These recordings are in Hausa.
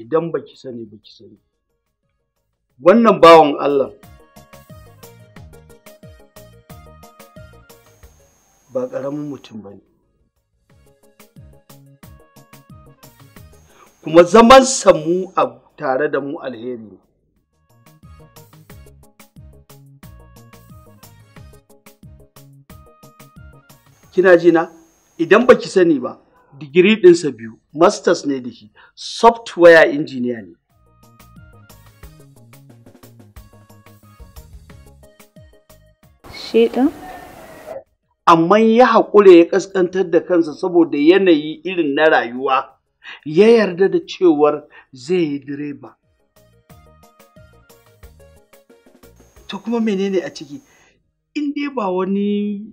idan baki sani ba ki sani wannan bawan Allah ba ƙaramin mutum bane, kuma zaman samu a tare da mu alheri ne kina ji na idan ki sani ba digiri ɗinsa biyu masters ne da shi software engineer ne ɗin. amma ya haƙura ya ƙasƙantar da kansa saboda yanayi irin na rayuwa ya yarda da cewar zai yi direba to kuma menene a ciki in dai ba wani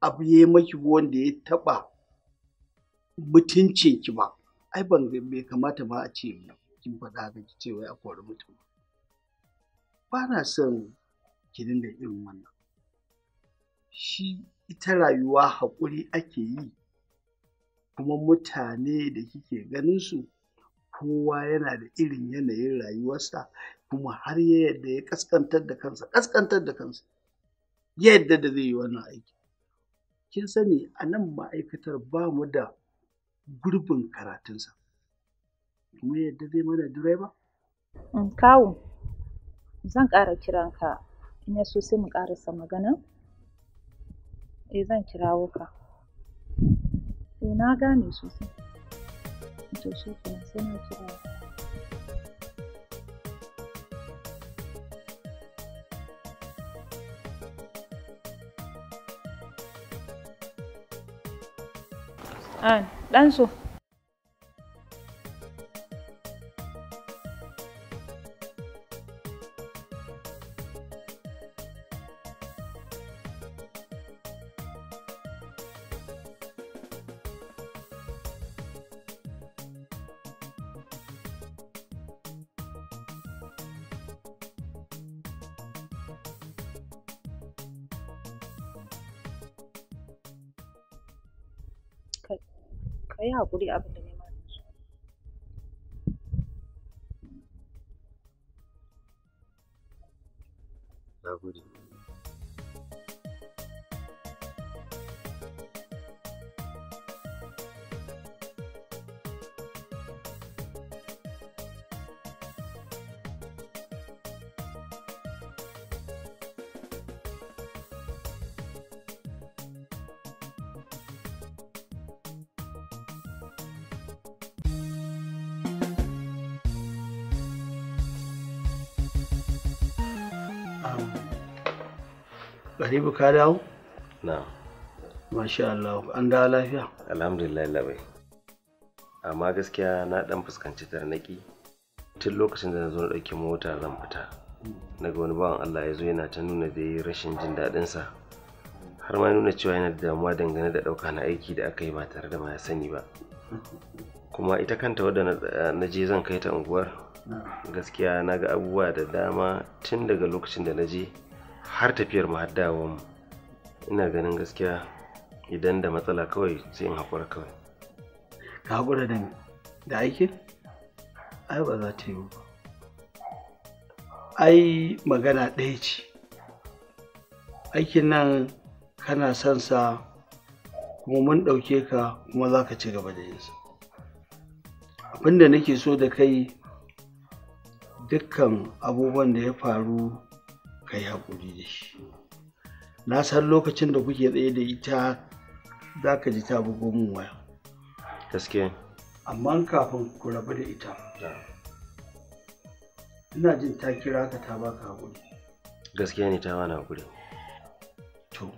abu ya yi maki wanda ya taɓa mutuncin ki ba ai ban bai kamata ba a ce kin faɗa ga ki ce wai a kori mutum ba na son ki dinga irin wannan shi ita rayuwa haƙuri ake yi kuma mutane da kike ganin su kowa yana da irin yanayin rayuwarsa kuma har ya yadda ya kaskantar da kansa kaskantar da kansa ya yadda da zai yi wannan aiki kin sani a nan ma'aikatar ba mu da gurbin karatunsa kuma yadda zai mana direba? Mm, kawo zan ƙara kiran ka in ya so sai mu ƙarasa magana eh zan kirawo ka eh na gane sosai to shi kenan sai na kira ka 单数。哎呀，好不利 Garibu ka dawo? Na. Masha Allah, an dawo lafiya? Alhamdulillah labai. Amma gaskiya na ɗan fuskanci tarnaki tun lokacin da na zo na ɗauki mota zan fita. Na ga wani bawan Allah ya zo yana ta nuna da rashin jin daɗinsa. Har ma nuna cewa yana da damuwa dangane da ɗauka na aiki da aka yi ba tare da ma ya sani ba. Kuma ita kanta wadda na eh, je zan kai ta unguwar gaskiya na ga abubuwa da dama tun daga lokacin da na je har tafiyar mu ina ganin gaskiya idan da matsala kawai sai in haƙura kawai ka haƙura da ni, da aiki ai ba za ta yi ba ai magana ɗaya ce aikin nan kana son sa kuma mun ɗauke ka kuma za ka ci gaba da yinsa abinda nake so da kai dukkan abubuwan da ya faru ka yi haƙuri da shi na san lokacin da kuke tsaye da ita za ka ji ta bugo waya gaske amma kafin ku rabu da ita ina jin ta kira ka ta baka haƙuri gaskiya ne ta wani haƙuri to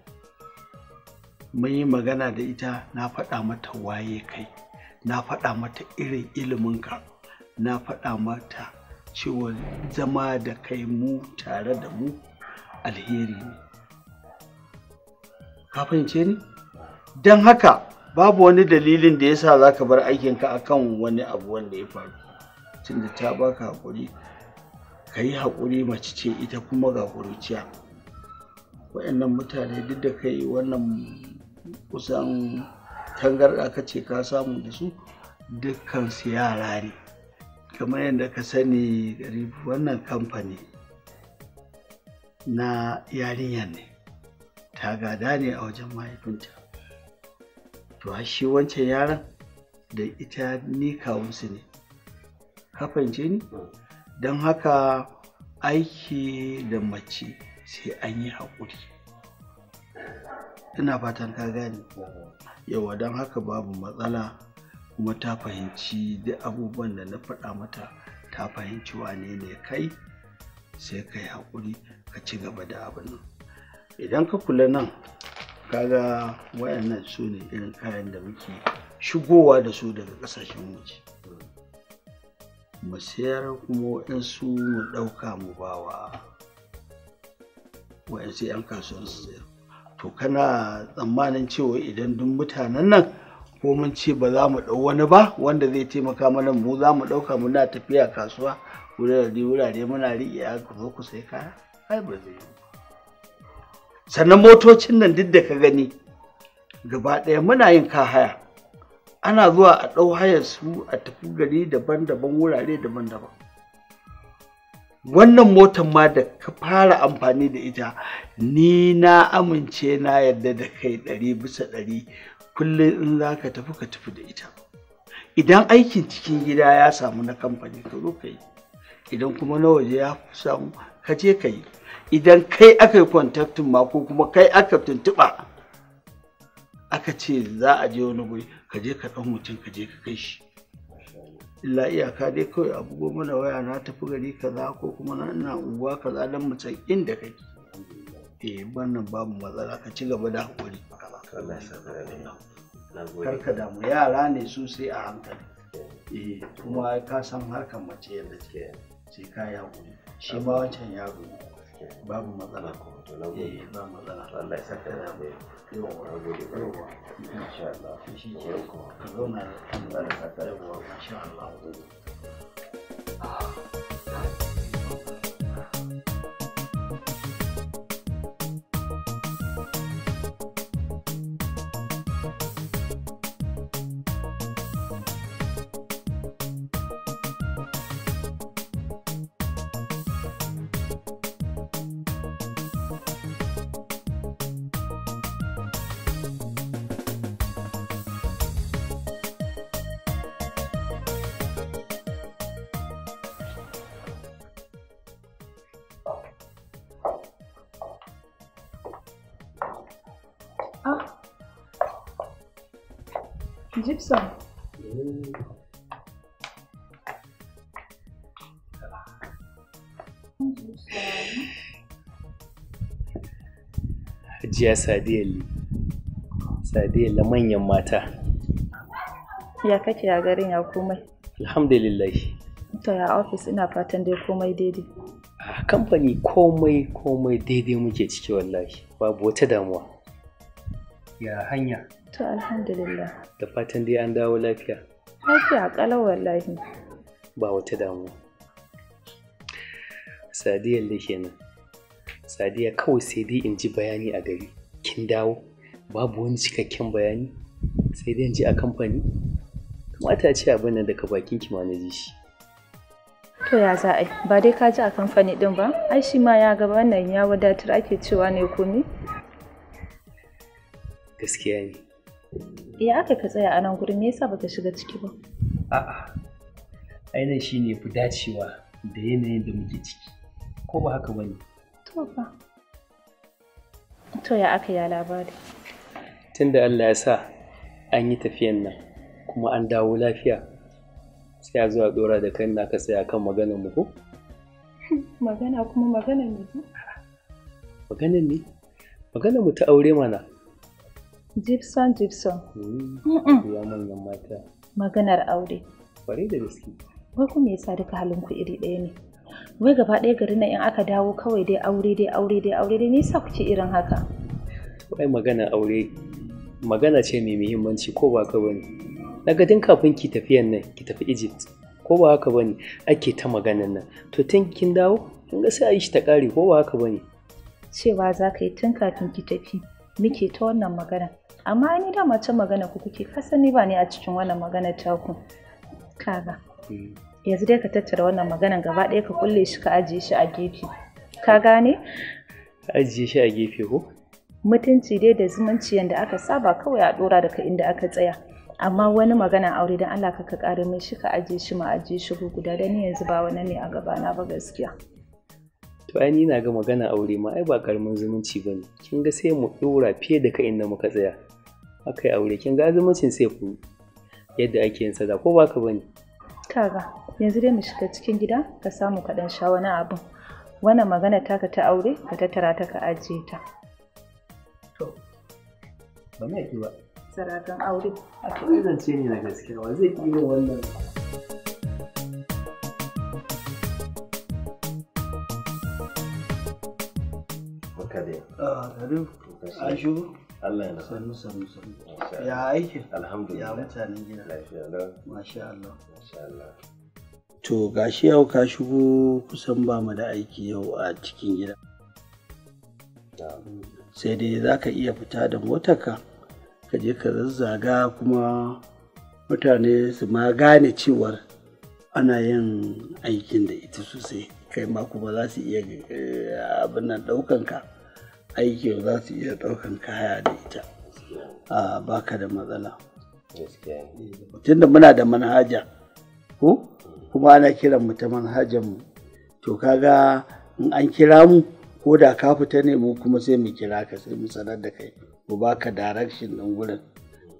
mun yi magana da ita na faɗa mata waye kai na faɗa mata irin iliminka na faɗa mata cewa zama da kai mu tare da mu alheri ne ka fahimce ni don haka babu wani dalilin da yasa za ka bar aikinka akan wani abu wanda ya faru tunda ta baka haƙuri ka yi haƙuri mace ce ita kuma ga ƙuruciya waɗannan mutane duk da kai wannan kusan tangarɗa ka ce ka samu da su dukkan su yara ne kamar yadda ka sani garibu wannan kamfani na yarinya ne ta gada ne a wajen mahaifinta to shi wancan yaran da ita ni kawunsu ne kafin jini, don haka aiki da mace sai an yi haƙuri ina fatan ka gane yawa don haka babu matsala kuma ta fahimci duk abubuwan da na faɗa mata ta fahimci wane ne kai sai kai haƙuri ka ci gaba da abin nan idan ka kula nan kaga wayannan su ne irin kayan da muke shigowa da su daga ƙasashen waje mu sayar kuma waɗansu mu ɗauka mu bawa waɗansu 'yan kasuwar su sayar to kana tsammanin cewa idan duk mutanen nan ko mun ce ba za mu ɗau wani ba wanda zai taimaka mana mu za mu ɗauka muna tafiya kasuwa wurare wurare muna riƙe a zo ku sai kaya ai ba zai yi sannan motocin nan duk da ka gani gaba ɗaya muna yin ka haya, ana zuwa a ɗau hayar su a tafi gari daban-daban wurare daban-daban wannan motar ma da ka fara amfani da ita ni na amince na yarda da kai ɗari bisa ɗari kullum in za ka tafi ka tafi da ita idan aikin cikin gida ya samu na kamfani ka zo ka yi idan kuma na waje ya samu ka je ka yi idan kai aka yi kwantaktin ma ko kuma kai aka tuntuɓa aka ce za a je wani guri ka je ka ɗan mutum ka je ka kai shi illa iyaka dai kawai a goma mana waya na tafi gari kaza ko kuma na ina unguwa kaza don mutum inda kake eh wannan babu matsala ka ci gaba da haƙuri Karka damu yara ne su sai a hankali. Eh kuma ka san harkar mace yadda take sai ka Shi ma wancan yaro ne. babu matsala ko to na gode eh, ba matsala Allah ya saka yawa na gode yawa insha Allah shi ke ko Allah ya saka yawa insha Allah Ah. Gibson. Hajiya Sadiyalli. la manyan mata. Ya kake a garin ya komai? Alhamdulillah. Ta ya ofis ina fatan dai komai daidai. A kamfani komai komai daidai muke ciki wallahi babu wata damuwa. ya hanya to alhamdulillah da fatan dai an dawo lafiya lafiya ƙalau wallahi ba wata damuwa Sadiya da kenan sadiya kawai sai dai in ji bayani a gari kin dawo babu wani cikakken bayani sai dai in ji a kamfani kamata ce abin nan daga bakin ki ma na ji shi to ya za a ba dai ka ji a kamfani din ba ai shi ma ya gaba nan ya wadatar ake cewa ne komi gaskiya ne ya aka ka tsaya a nan gurin me yasa baka shiga ciki ba a'a ainihin shi ne fi dacewa da yanayin da muke ciki ko ba haka bane to ba to ya aka ya labari tunda Allah ya sa an yi tafiyan nan kuma an dawo lafiya sai a zuwa dora da kan naka sai akan maganar mu ko magana kuma maganar ne Magana ne maganar mu ta aure mana Gibson Gibson. Hmm. Ya manyan mata. Maganar aure. Bari da gaske. Wai kuma yasa duka halin ku iri ɗaya ne. Wai gaba ɗaya garin nan in aka dawo kawai dai aure dai aure dai aure dai nisa kuke irin haka. Wai magana aure magana ce mai muhimmanci ko ba ka bane. Na ga kafin ki tafiyan nan ki tafi Egypt ko ba haka bane ake ta maganan nan. To tun kin dawo kin ga sai a yi shi ta ƙare ko ba haka bane. Cewa za ka yi tun kafin ki tafi muke ta wannan magana. amma ni da mace magana ku kuke ni ba ni a cikin wannan magana ta ku kaga hmm. yanzu dai ka tattara wannan magana gaba ɗaya ka kulle shi ka ajiye shi a gefe ka gane ajiye shi a gefe ko mutunci dai da zumunci yanda aka saba kawai a dora daga inda aka tsaya amma wani magana aure dan Allah ka ka kare min shi ka ajiye shi ma ajiye shi guda dan ni yanzu ba wani ne a gabana ba gaskiya to ai ni na ga magana aure ma ai ba karamin zumunci bane kin ga sai mu dora fiye da ka inda muka tsaya aka yi aure kin ga zumuncin sai ku yadda ake yin sada ko baka bane kaga yanzu dai mu shiga cikin gida ka samu kaɗan sha wani abin wannan magana taka ta aure ka tattara ta ka aje ta to ba mai ba sarakan aure a kan zance ne na gaskiya wa zai iya wannan Ya aiki? Ya mutane gida? Masha Allah. To gashi yau ka shigo kusan ba mu da aiki yau a cikin gida. Sai dai za ka iya fita da motarka, ka je ka zazzaga kuma mutane su ma gane cewar ana yin aikin da ita sosai kai ma kuma za su iya eh, abin nan ka. aiki za su iya ɗaukan kaya da ita a baka da matsala tunda muna da manhaja ko kuma ana kiran mu ta manhajar mu to kaga in an kira mu ko da ka fita ne mu kuma sai mu kira ka sai mu sanar da kai mu baka direction ɗin gurin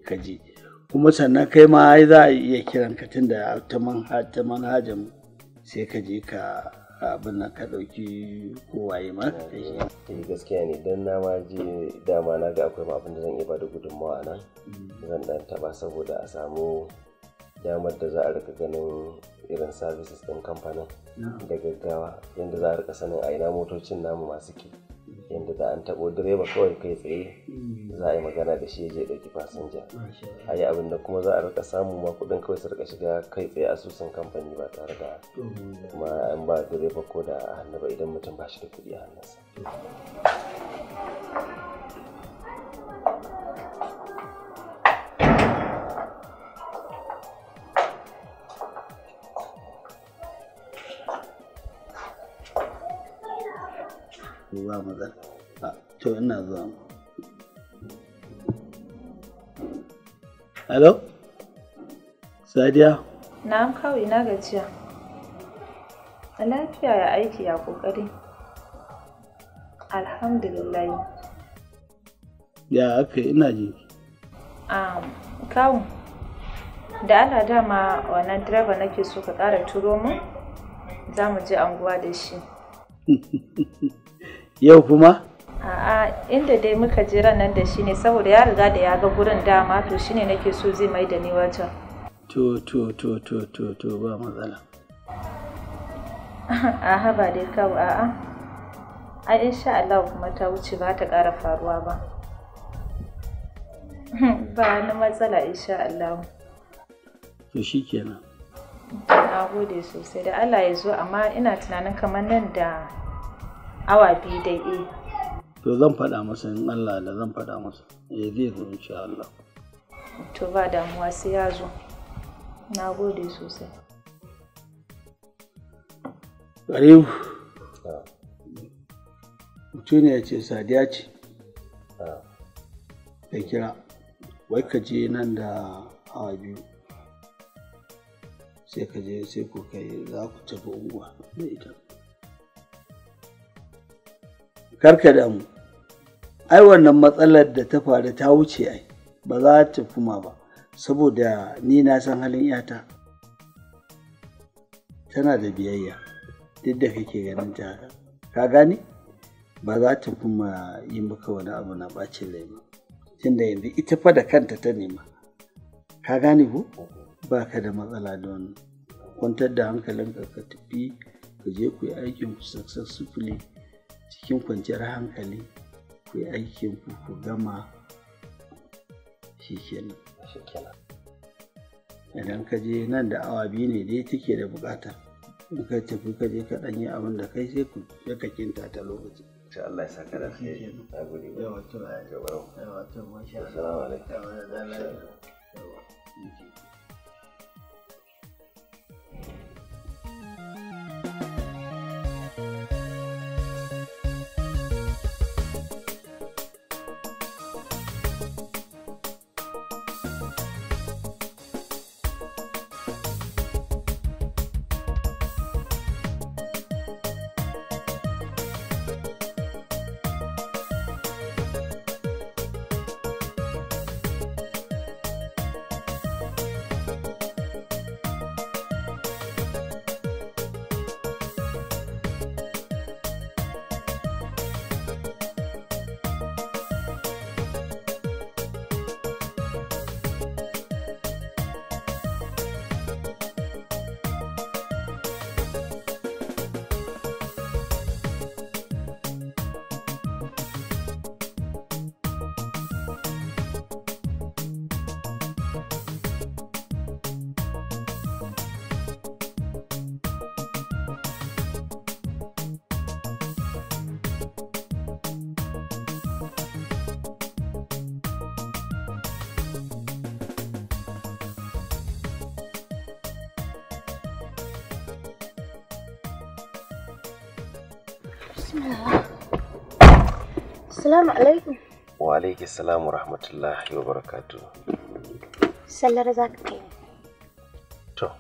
ka je kuma sannan kai ma za a iya kiran ka tunda ta manhajar mu sai ka je ka abin nan ka ɗauki kowaye ma ka yi eh, eh, gaskiya ne don na ma ji dama na ga akwai abin da zan iya bada gudunmawa nan mm. zan dan taba saboda a samu damar da za a rika ganin irin services din kamfanin da gaggawa yadda za a rika sanin a ina motocin namu masu ke yadda da an taɓo direba kawai kai tsaye za a yi magana da shi je ɗauki fasinja a yi abin kuma za a rika samu ma kuɗin kawai su rika shiga kai tsaye asusun kamfani ba tare da kuma an ba direba ko da hannu ba idan mutum ba shi da kuɗi a hannunsa ko ba matsala to ina zuwa hello sadiya am kawai na gajiya a lafiya ya aiki ya kokari alhamdulillah ya aka ina ji kawo da ala dama wannan direba nake so ka ƙara turo mu za mu je anguwa da shi Yau kuma? A'a, inda dai muka je nan da shi ne saboda ya riga da ya ga gurin dama to shine nake so zai mai da ni wajen. To to to to to to ba matsala. A'a ba dai kawo a'a. A insha Allah kuma ta wuce ba ta ƙara faruwa ba. Ba wani matsala insha Allah. To shi kenan. Na gode sosai da Allah ya zo amma ina tunanin kamar nan da awa biyu da e eh. to zan faɗa masa in Allah da zan faɗa masa ya eh, zai zo insha Allah to ba damuwa sai ya zo na gode sosai Karibu, ah. mutum ne ya ce sadiya ce, da ah. kira, wai ka je nan da awa biyu, sai ka je sai ku kai za ku tafi unguwa da ita. karka damu ai wannan matsalar da ta faru ta wuce ai ba za ta kuma ba saboda ni na san halin yata tana da biyayya duk da kake ganin ta ka gane ba za ta kuma yi maka wani abu na bacin rai ba tunda yanzu ita fa da kanta ta nema ka gane ko ba ka da matsala da wani. kwantar da hankalinka ka tafi ka je ku yi aikin ku successfully cikin kwanciyar hankali ku yi aikin ku ku gama shi Idan ka je nan da awa biyu ne dai take da bukata. In ka tafi ka je ka ɗan yi abin da kai sai ku ya ka kinta ta lokaci. Allah ya saka da yi Na ba. Yawa to. Yawa Allah. Assalamu alaikum. Yawa. Bismillah. Assalamu alaikum. Wa alaiki salamu rahmatullahi wa barakatu. Sallar za ka kai. To,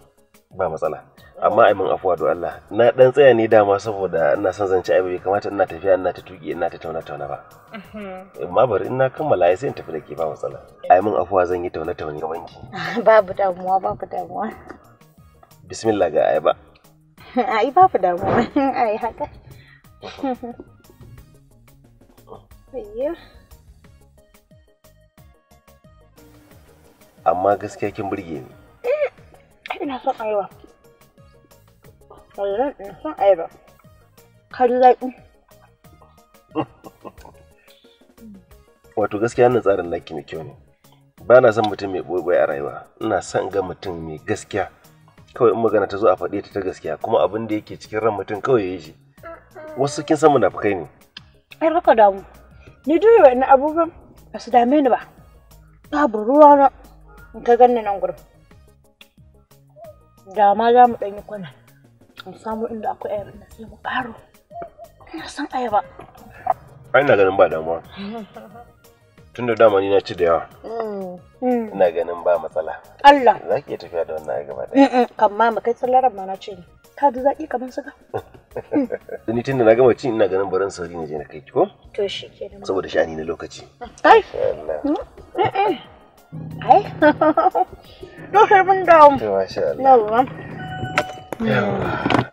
ba matsala. Amma ai mun afuwa do Allah. Na dan tsaya ne dama saboda ina son zance ai bai kamata ina tafiya ina ta tuki ina ta tauna tauna ba. Mhm. Amma bari ina kammala ai sai in tafi da ke ba matsala. Ai mun afuwa zan yi tauna tauna gaban ki. Babu damuwa babu damuwa. Bismillah ga ai ba. Ai babu damuwa. Ai haka. Amma gaskiya kin burge ni. Eh, ina son ayaba. ina son ayaba. Kari zaƙi. Wato gaskiya nan tsarin naki mai kyau ne. Ba na son mutum mai ɓoye a rayuwa. Ina son ga mutum mai gaskiya. Kawai in magana ta zo a faɗe ta ta gaskiya kuma abin da yake cikin ran mutum kawai ya yi shi. wasu kin san munafukai ne ai raka damu ni duk wa'annan abubuwan ba su dame ni ba babu ruwa na in ka ganni nan gurin da ma za mu ɗanyi kwana in samu inda akwai ayaba na sai mu ƙaro ina son ayaba ai na ganin ba damuwa tun da dama ni na ci da yawa mm. ina ganin ba matsala Allah za ki iya tafiya da wannan ayaba gaba kan ma mu kai tsallaran ma na ce ni ka ji zaƙi kamar suga da ni tunda na gama cin ina ganin barin sauri ne je na kai ko to shi kenan saboda sha'ani na lokaci ai eh, eh ai to sai mun dawo to masha Allah yawa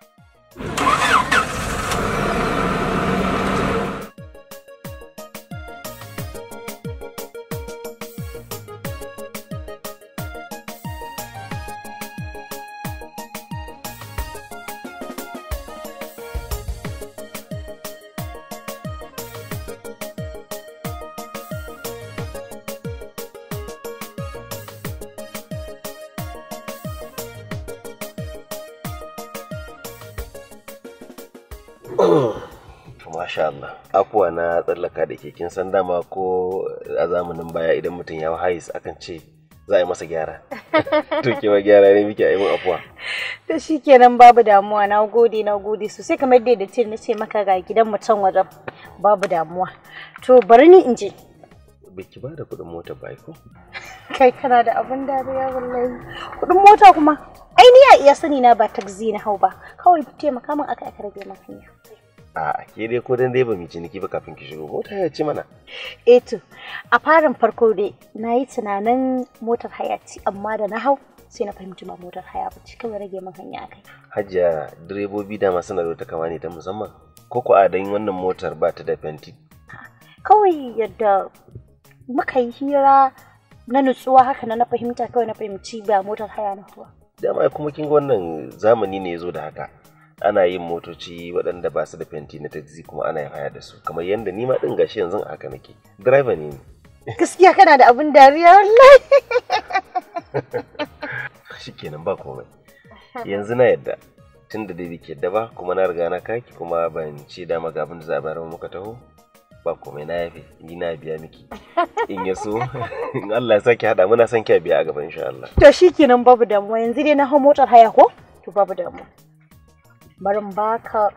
Masha Allah. Afuwa na tsallaka da ke kin san dama ko a zamanin baya idan mutum ya hais akan ce za a yi masa gyara. To ke ma gyara ne muke a yi afuwa. To shi kenan babu damuwa na gode na gode sosai kamar da ce na ce maka ga gidan mutum wajen babu damuwa. To bari ni in je. Biki ba da kuɗin mota ba ko? Kai kana da abin dariya wallahi. Kuɗin mota kuma? ai ni ya iya sani na ba taxi na hau ba kawai taimaka min aka aka rage maka hanya a ke dai ko dan dai ba mu niki ba kafin ki shigo mota ya ci mana eh to a farin farko dai yi tunanin motar haya ci amma da na hau sai na fahimci ba motar haya ba ci kawai rage min hanya akai hajiya direbobi da masu na ta kama ne ta musamman ko a dan wannan motar ba ta da fenti kawai yadda muka yi hira na nutsuwa haka na na fahimta kawai na fahimci ba motar haya na kuwa dama kuma kin wannan zamani ne ya zo da haka ana yin motoci waɗanda ba su da fenti na taxi kuma ana yin haya da su kamar yadda ni ma din gashi yanzu a haka nake driver ne ni gaskiya kana da abin dariya wallahi shikenan ba komai yanzu na yadda tun da dai bike da ba kuma na riga na kaki kuma ban ce dama ga abin da za a bayar muka taho ba komai na yafe ni na biya miki in ya so in Allah ya saki hada muna son ki biya a gaba insha Allah to shikenan babu damuwa yanzu dai na hau motar haya ko to babu damuwa bari in baka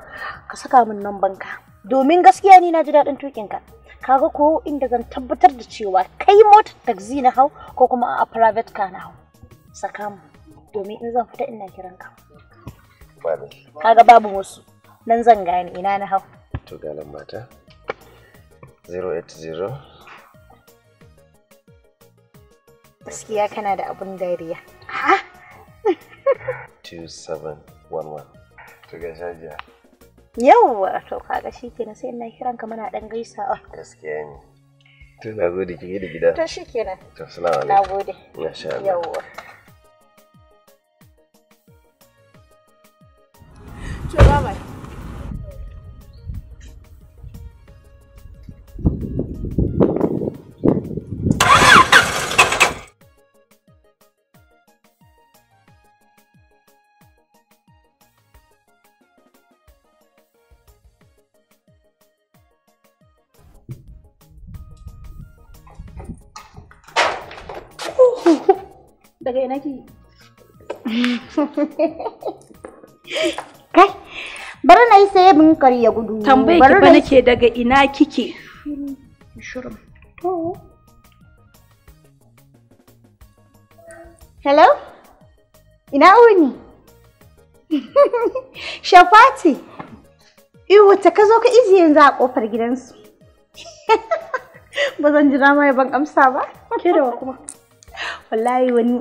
ka saka min nan banka domin gaskiya ni na ji dadin tukin ka kaga ko inda zan tabbatar da cewa kai motar taxi na hau ko kuma a private car na hau saka mu domin in zan fita ina kiran ka kaga babu wasu nan zan gane ina na hau to galan mata 080 gaskiya kana da abun dariya ha 2711 to ga shajiya yawwa to kaga shikenan sai ina kiran ka muna dan gaisawa gaskiya ne to na gode kike da gida to shikenan to assalamu alaikum yawwa ta ina ki kai bari na yi sai bin ya gudu tambaye ki ba nake daga ina kike shirin to hello ina uni shafati iwo ta ka zo ka iji yanzu a kofar gidansu ba zan jira ma ban amsa ba ke da wa kuma wallahi wani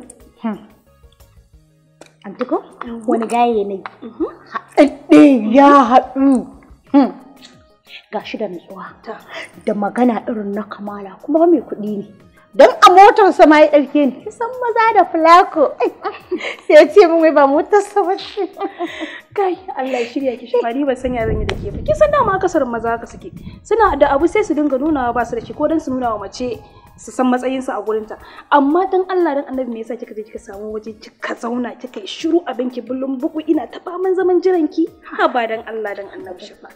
Antiko, wani gaye ne. Mm-hmm. Haɗaɗɗe ya haɗu. Hmm. Ga shi da nutsuwa, da magana irin na kamala kuma mai kuɗi ne. Don a motarsa ma ya ɗauke ni, kisan maza da fulako. Sai ce min wai ba motarsa ba ce. Kai, Allah shirya ki shi ni ba san ya zanyi da ke ba. Kisan dama akasarin maza haka suke. Suna da abu sai su dinga nunawa ba su da shi ko don su nuna wa mace su san matsayinsu a gurinta amma dan Allah dan annabi me yasa kika je kika samu waje kika zauna kika shiru a banki bullun buku ina ta faman zaman ki ha ba dan Allah dan annabi shi ba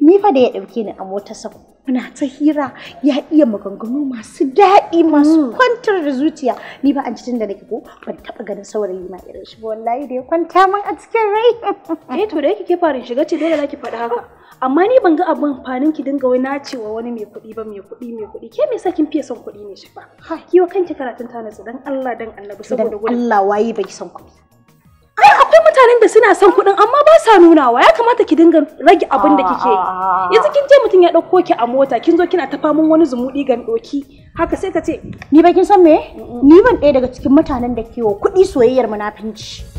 ni fa da ya dauke ni a mota sa muna ta hira ya iya maganganu masu daɗi masu mm. kwantar da zuciya ni ba an cikin da nake ko ban taba ganin saurayi ma irin shi wallahi da ya kwanta man a cikin rai eh to da yake ke farin shiga ce dole zaki faɗi haka amma ni ban ga abin fanin ki dinga wai nacewa wani mai kuɗi ba mai kuɗi mai kuɗi ke me yasa kin fiye son kuɗi ne shi ba ki wa kanki karatun ta nasu dan Allah dan Annabi saboda gurin Allah waye bai son kuɗi ai akwai mutanen da suna son kuɗin amma ba sa nunawa ya kamata ki dinga rage abin da kike yi ah, ah, ah, yanzu kin je mutum ya ɗauko ki a mota kin zo kina ta mun wani zumuɗi gan ɗoki haka sai ka ce ni ba kin san me ni ban ɗaya daga cikin mutanen da ke wa kuɗi soyayyar munafinci